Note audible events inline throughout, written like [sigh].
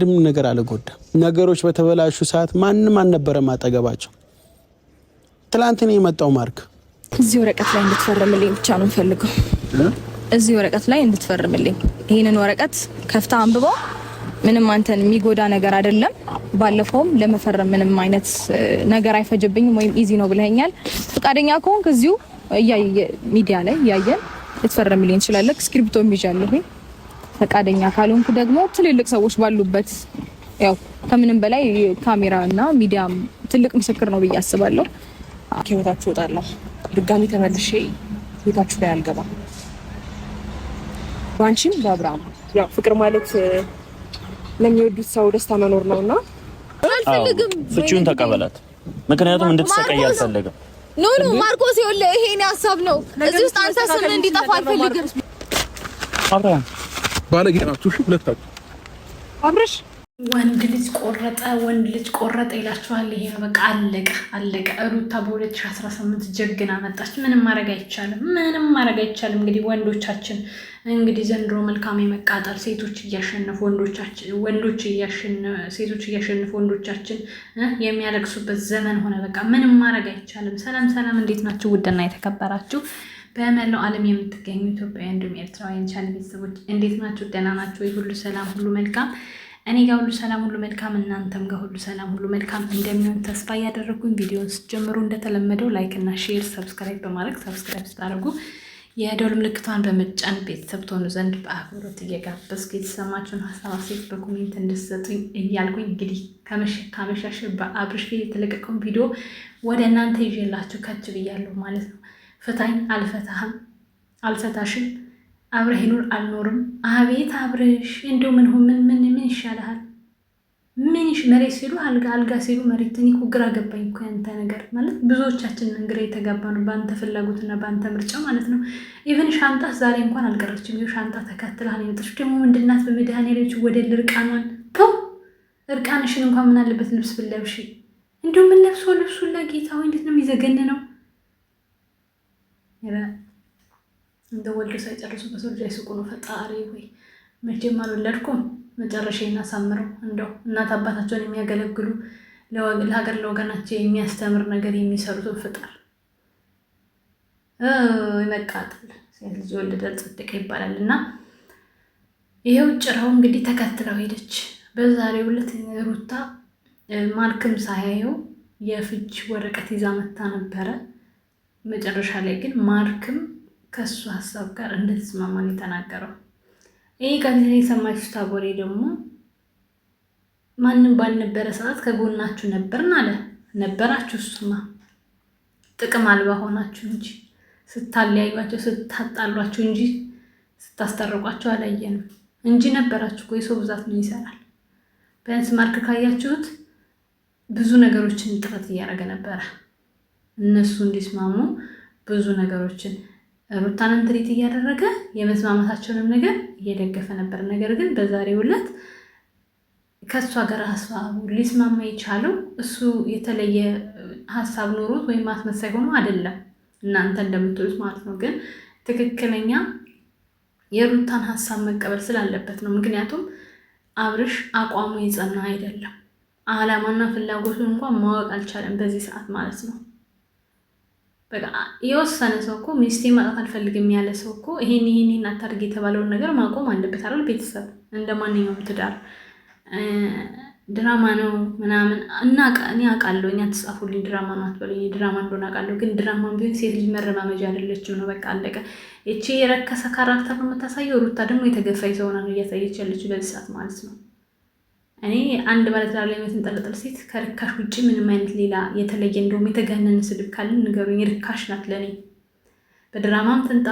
አንድም ነገር አልጎዳም። ነገሮች በተበላሹ ሰዓት ማንም አልነበረም አጠገባቸው። ትላንት ነው የመጣው ማርክ። እዚህ ወረቀት ላይ እንድትፈርምልኝ ብቻ ነው የምፈልገው። እዚህ ወረቀት ላይ እንድትፈርምልኝ። ይህንን ወረቀት ከፍታ አንብበው። ምንም አንተን የሚጎዳ ነገር አይደለም። ባለፈውም ለመፈረም ምንም አይነት ነገር አይፈጅብኝም ወይም ኢዚ ነው ብለኛል። ፈቃደኛ ከሆንክ እዚሁ ሚዲያ ላይ እያየን ልትፈርምልኝ እንችላለን። እስክሪፕቶም ይዣለሁኝ ፈቃደኛ ካልሆንኩ ደግሞ ትልልቅ ሰዎች ባሉበት ያው ከምንም በላይ ካሜራ እና ሚዲያም ትልቅ ምስክር ነው ብዬ አስባለሁ። ከህይወታችሁ እወጣለሁ፣ ድጋሚ ተመልሼ ህይወታችሁ ላይ አልገባም። በአንቺም በአብርሃም ያው ፍቅር ማለት ለሚወዱት ሰው ደስታ መኖር ነው እና አልፈልግም። ፍቺውን ተቀበላት፣ ምክንያቱም እንድትሰቀይ አልፈልግም። ኖ ኖ ማርቆስ ይኸውልህ፣ ይሄን ሀሳብ ነው እዚህ ውስጥ አንተ ስም እንዲጠፋ አልፈልግም አብርሃም ባለጌ ናችሁ። እሺ ሁለታችሁ አብረሽ ወንድ ልጅ ቆረጠ፣ ወንድ ልጅ ቆረጠ ይላችኋል። ይሄ በቃ አለቀ አለቀ። ሩታ በ2018 ጀግና መጣች። ምንም ማድረግ አይቻልም፣ ምንም ማድረግ አይቻልም። እንግዲህ ወንዶቻችን እንግዲህ ዘንድሮ መልካም የመቃጠል ሴቶች እያሸነፉ ወንዶች ሴቶች እያሸነፉ ወንዶቻችን የሚያለቅሱበት ዘመን ሆነ። በቃ ምንም ማድረግ አይቻልም። ሰላም ሰላም፣ እንዴት ናችሁ? ውድና የተከበራችሁ በመላው ዓለም የምትገኙ ኢትዮጵያውያን እንዲሁም ኤርትራውያን ቻለ ቤተሰቦች እንዴት ናችሁ? ደህና ናችሁ? ሁሉ ሰላም፣ ሁሉ መልካም። እኔ ጋር ሁሉ ሰላም፣ ሁሉ መልካም። እናንተም ጋር ሁሉ ሰላም፣ ሁሉ መልካም እንደሚሆን ተስፋ እያደረጉኝ ቪዲዮን ስትጀምሩ እንደተለመደው ላይክ እና ሼር፣ ሰብስክራይብ በማድረግ ሰብስክራይብ ስታደርጉ የደወል ምልክቷን በመጫን ቤተሰብ ትሆኑ ዘንድ በአክብሮት እየጋበዝኩ የተሰማችሁን ሀሳብ አስተያየት በኮሜንት እንድትሰጡኝ እያልኩኝ እንግዲህ ካመሻሽ በአብርሽ የተለቀቀውን ቪዲዮ ወደ እናንተ ይዤላችሁ ከች ብያለሁ ማለት ነው። ፍታኝ አልፈታህም አልፈታሽም አብረህ ይኑር አልኖርም። አቤት አብርሽ እንደው ምን ምን ምን ምን ይሻልሃል? ምንሽ መሬት ሲሉ አልጋ አልጋ ሲሉ መሬት። እኔ እኮ ግራ ገባኝ እኮ ያንተ ነገር ማለት ብዙዎቻችን ግራ የተጋባ ነው፣ በአንተ ፍላጎትና በአንተ ምርጫ ማለት ነው። ኢቨን ሻንጣ ዛሬ እንኳን አልቀረችም። ይኸው ሻንጣ ተካትላል የመጣች ደግሞ ምንድናት? በመድኃኔዓለም ወደ እርቃኗን ተው። እርቃንሽን እንኳን ምናለበት ልብስ ብለብሽ። እንዲሁ ለብሶ ልብሱን ለጌታ ወይ እንዴት ነው የሚዘገን ነው እንደ ወልዶ ሳይጨርሱ በሰው ልጅ አይስቁ ነው። ፈጣሪ ወይ መቼም አልወለድኩም። መጨረሻዬን አሳምረው። እንደው እናት አባታቸውን የሚያገለግሉ ለሀገር ለወገናቸው የሚያስተምር ነገር የሚሰሩትን ፍጠር። ይመቃጥል ሴት ልጅ ወለደል ጸደቀ ይባላል እና ይሄው ጭራው እንግዲህ ተከትለው ሄደች። በዛሬው ዕለት ሩታ ማልክም ሳያየው የፍች ወረቀት ይዛ መታ ነበረ። መጨረሻ ላይ ግን ማርክም ከሱ ሀሳብ ጋር እንደተስማማን የተናገረው። ይህ ቀንትን የሰማችሁ ታቦሬ ደግሞ ማንም ባልነበረ ሰዓት ከጎናችሁ ነበርን አለ። ነበራችሁ እሱማ ጥቅም አልባ ሆናችሁ እንጂ ስታለያዩቸው ስታጣሏቸው እንጂ ስታስታርቋቸው አላየንም እንጂ ነበራችሁ እኮ። የሰው ብዛት ምን ይሰራል። ቢያንስ ማርክ ካያችሁት ብዙ ነገሮችን ጥረት እያደረገ ነበረ። እነሱ እንዲስማሙ ብዙ ነገሮችን ሩታንን ትሪት እያደረገ የመስማማታቸውንም ነገር እየደገፈ ነበር። ነገር ግን በዛሬው ዕለት ከእሷ ጋር ሀሳቡ ሊስማማ የቻለው እሱ የተለየ ሀሳብ ኖሮት ወይም አስመሳይ ሆኖ አይደለም፣ እናንተ እንደምትሉት ማለት ነው። ግን ትክክለኛ የሩታን ሀሳብ መቀበል ስላለበት ነው። ምክንያቱም አብርሽ አቋሙ የጸና አይደለም። ዓላማና ፍላጎቱን እንኳን ማወቅ አልቻለም በዚህ ሰዓት ማለት ነው። የወሰነ ሰው እኮ ሚስቴ ማጣት አልፈልግም ያለ ሰው እኮ ይሄን ይሄን ይሄን አታድርግ የተባለውን ነገር ማቆም አለበት አይደል? ቤተሰብ እንደ ማንኛውም ትዳር ድራማ ነው ምናምን እና እኔ አውቃለሁ። እኛ ተጻፉልኝ ድራማ ነው አትበሉኝ፣ ድራማ እንደሆነ አውቃለሁ። ግን ድራማም ቢሆን ሴት ልጅ መረማመጃ አይደለችም ነው በቃ አለቀ። ይቺ የረከሰ ካራክተር ነው የምታሳየው። ሩታ ደግሞ የተገፋ ሰው ሆና ነው እያሳየች ያለችው በዚህ ሰዓት ማለት ነው። እኔ አንድ ባለትዳር ላይ የምትንጠለጠል ሴት ከርካሽ ውጭ ምንም አይነት ሌላ የተለየ እንደውም የተገነን ስድብ ካለን ንገሩኝ። ርካሽ ናት ለእኔ። በድራማም ትንጣ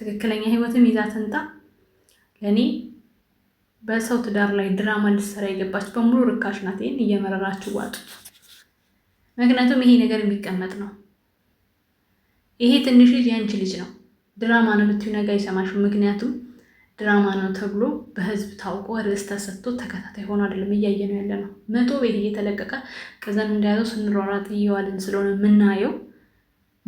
ትክክለኛ ህይወትም ይዛ ትንጣ ለእኔ በሰው ትዳር ላይ ድራማ ልትሰራ የገባች በሙሉ ርካሽ ናት። ይህን እየመረራችሁ ዋጡ። ምክንያቱም ይሄ ነገር የሚቀመጥ ነው። ይሄ ትንሽ ልጅ ያንቺ ልጅ ነው። ድራማ ነው ብትዩ ነገር አይሰማሽም። ምክንያቱም ድራማ ነው ተብሎ በህዝብ ታውቆ ርዕስ ተሰጥቶ ተከታታይ ሆኖ አይደለም እያየ ነው ያለ ነው። መቶ ቤት እየተለቀቀ ከዛን እንደያዘው ስንሯሯጥ እየዋልን ስለሆነ የምናየው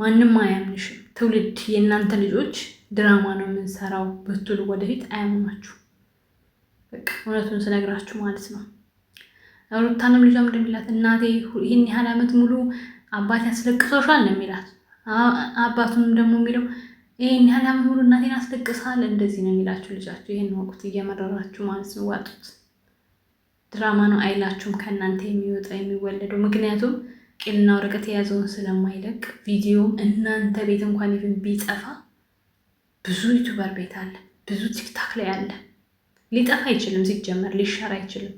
ማንም አያምንሽም። ትውልድ የእናንተ ልጆች ድራማ ነው የምንሰራው ብትሉ ወደፊት አያምናችሁ። በቃ እውነቱን ስነግራችሁ ማለት ነው። ሩታንም ልጇም እንደሚላት እናቴ ይህን ያህል ዓመት ሙሉ አባት ያስለቅሶሻል ነው የሚላት። አባቱንም ደግሞ የሚለው ይህን ያህል ዓመት ሙሉ እናቴን አስለቅሳል እንደዚህ ነው የሚላችሁ ልጃችሁ። ይህን ወቅት እየመረራችሁ ማለት ነው ዋጡት። ድራማ ነው አይላችሁም ከእናንተ የሚወጣ የሚወለደው። ምክንያቱም ቂልና ወረቀት የያዘውን ስለማይለቅ ቪዲዮም እናንተ ቤት እንኳን ይብን ቢጠፋ ብዙ ዩቱበር ቤት አለ፣ ብዙ ቲክታክ ላይ አለ። ሊጠፋ አይችልም፣ ሲጀመር ሊሸራ አይችልም።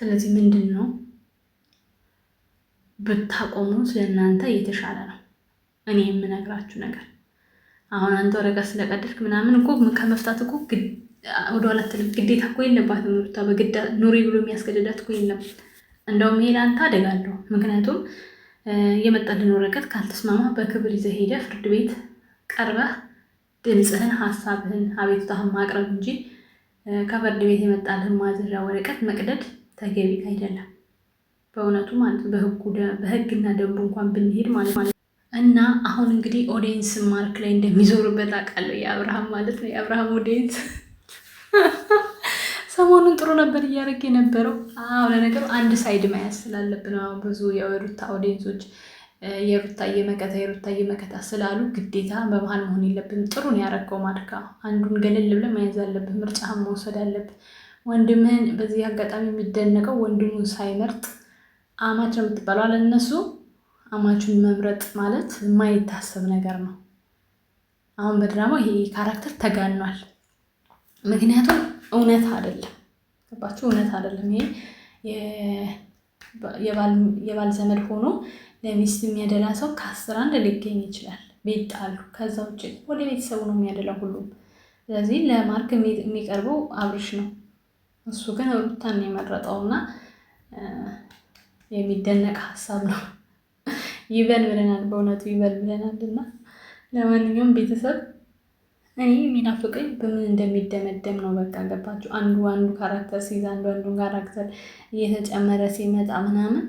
ስለዚህ ምንድን ነው ብታቆሙ ስለእናንተ እየተሻለ ነው። እኔ የምነግራችሁ ነገር አሁን አንተ ወረቀት ስለቀደድክ ምናምን እኮ ከመፍታት እኮ ወደ ኋላ አትልም። ግዴታ እኮ የለባትም ሩታ በግዳ ኑሪ ብሎ የሚያስገድዳት እኮ የለም። እንደውም ይሄ ለአንተ አደጋ አለው። ምክንያቱም የመጣልን ወረቀት ካልተስማማ በክብር ይዘህ ሄደህ ፍርድ ቤት ቀርበህ ድምፅህን፣ ሀሳብህን፣ አቤቱታህን ማቅረብ እንጂ ከፍርድ ቤት የመጣልህን ማዘዣ ወረቀት መቅደድ ተገቢ አይደለም። በእውነቱ ማለት በህግና ደንቡ እንኳን ብንሄድ ማለት እና አሁን እንግዲህ ኦዲየንስ ማርክ ላይ እንደሚዞርበት አውቃለሁ። የአብርሃም ማለት ነው የአብርሃም ኦዲየንስ [laughs] ሰሞኑን ጥሩ ነበር እያደረግ የነበረው። አዎ ለነገሩ አንድ ሳይድ መያዝ ስላለብን ብዙ የሩታ ኦዲየንሶች የሩታ እየመከታ የሩታ እየመከታ ስላሉ ግዴታ በመሀል መሆን የለብን ጥሩ ነው ያደረገው ማድካ። አንዱን ገለል ብለህ መያዝ አለብህ፣ ምርጫህን መውሰድ አለብህ። ወንድምህን በዚህ አጋጣሚ የሚደነቀው ወንድሙን ሳይመርጥ አማች ነው የምትባለው አለ እነሱ አማቹን መምረጥ ማለት የማይታሰብ ነገር ነው። አሁን በድራማው ይሄ ካራክተር ተጋኗል። ምክንያቱም እውነት አይደለም፣ ገባችሁ? እውነት አይደለም። ይሄ የባል ዘመድ ሆኖ ለሚስት የሚያደላ ሰው ከአስር አንድ ሊገኝ ይችላል። ቤት ጣሉ። ከዛ ውጭ ወደ ቤተሰቡ ነው የሚያደላው ሁሉም። ስለዚህ ለማርክ የሚቀርበው አብርሽ ነው። እሱ ግን ሩታን የመረጠውና የሚደነቅ ሀሳብ ነው። ይበል ብለናል፣ በእውነቱ ይበል ብለናል። እና ለማንኛውም ቤተሰብ እኔ የሚናፍቀኝ በምን እንደሚደመደም ነው። በቃ ገባችሁ? አንዱ አንዱ ካራክተር ሲይዝ አንዱ አንዱን ካራክተር እየተጨመረ ሲመጣ ምናምን።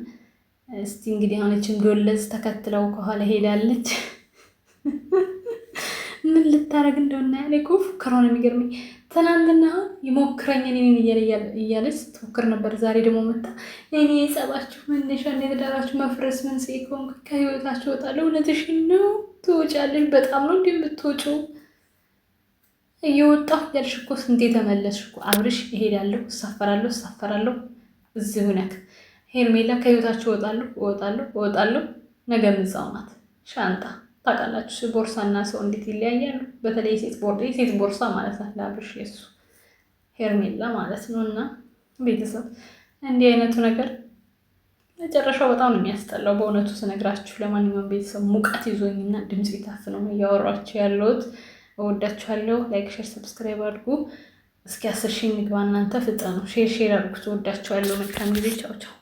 እስቲ እንግዲህ አሁነችም ዶለዝ ተከትለው ከኋላ ሄዳለች። ምን ልታረግ እንደሆነ ያኔ እኮ ፉከራው ነው የሚገርመኝ። ትናንትና ይሞክረኝ እኔን እያለች ስትሞክር ነበር። ዛሬ ደግሞ መታ እኔ የጸባችሁ መነሻ እና የትዳራችሁ መፍረስ መንስኤ ከሆንኩ ከህይወታችሁ እወጣለሁ። እውነትሽን ነው ትወጫለሽ። በጣም ነው እንዲህ የምትወጪው። እየወጣሁ እያልሽ እኮ ስንቴ ተመለስሽ እኮ አብርሽ። እሄዳለሁ፣ እሳፈራለሁ፣ እሳፈራለሁ። እዚሁ እውነት ሄርሜላ ከህይወታችሁ እወጣለሁ፣ እወጣለሁ፣ እወጣለሁ። ነገ ምንጻው ሻንጣ ታውቃላችሁ ቦርሳና ሰው እንዴት ይለያያሉ። በተለይ ሴት ቦርድ ሴት ቦርሳ ማለት ነው ለአብርሽ የሱ ሄርሜላ ማለት ነው። እና ቤተሰብ እንዲህ አይነቱ ነገር መጨረሻው በጣም ነው የሚያስጠላው በእውነቱ ስነግራችሁ። ለማንኛውም ቤተሰብ ሙቀት ይዞኝና ድምፅ ቤታፍ ነው እያወራችሁ ያለሁት። እወዳችኋለሁ። ላይክ፣ ሼር፣ ሰብስክራይብ አድርጉ። እስኪ አስር ሺህ እንግባ። እናንተ ፍጠኑ። ሼር ሼር አድርጉት። እወዳችኋለሁ። መልካም ጊዜ። ቻው ቻው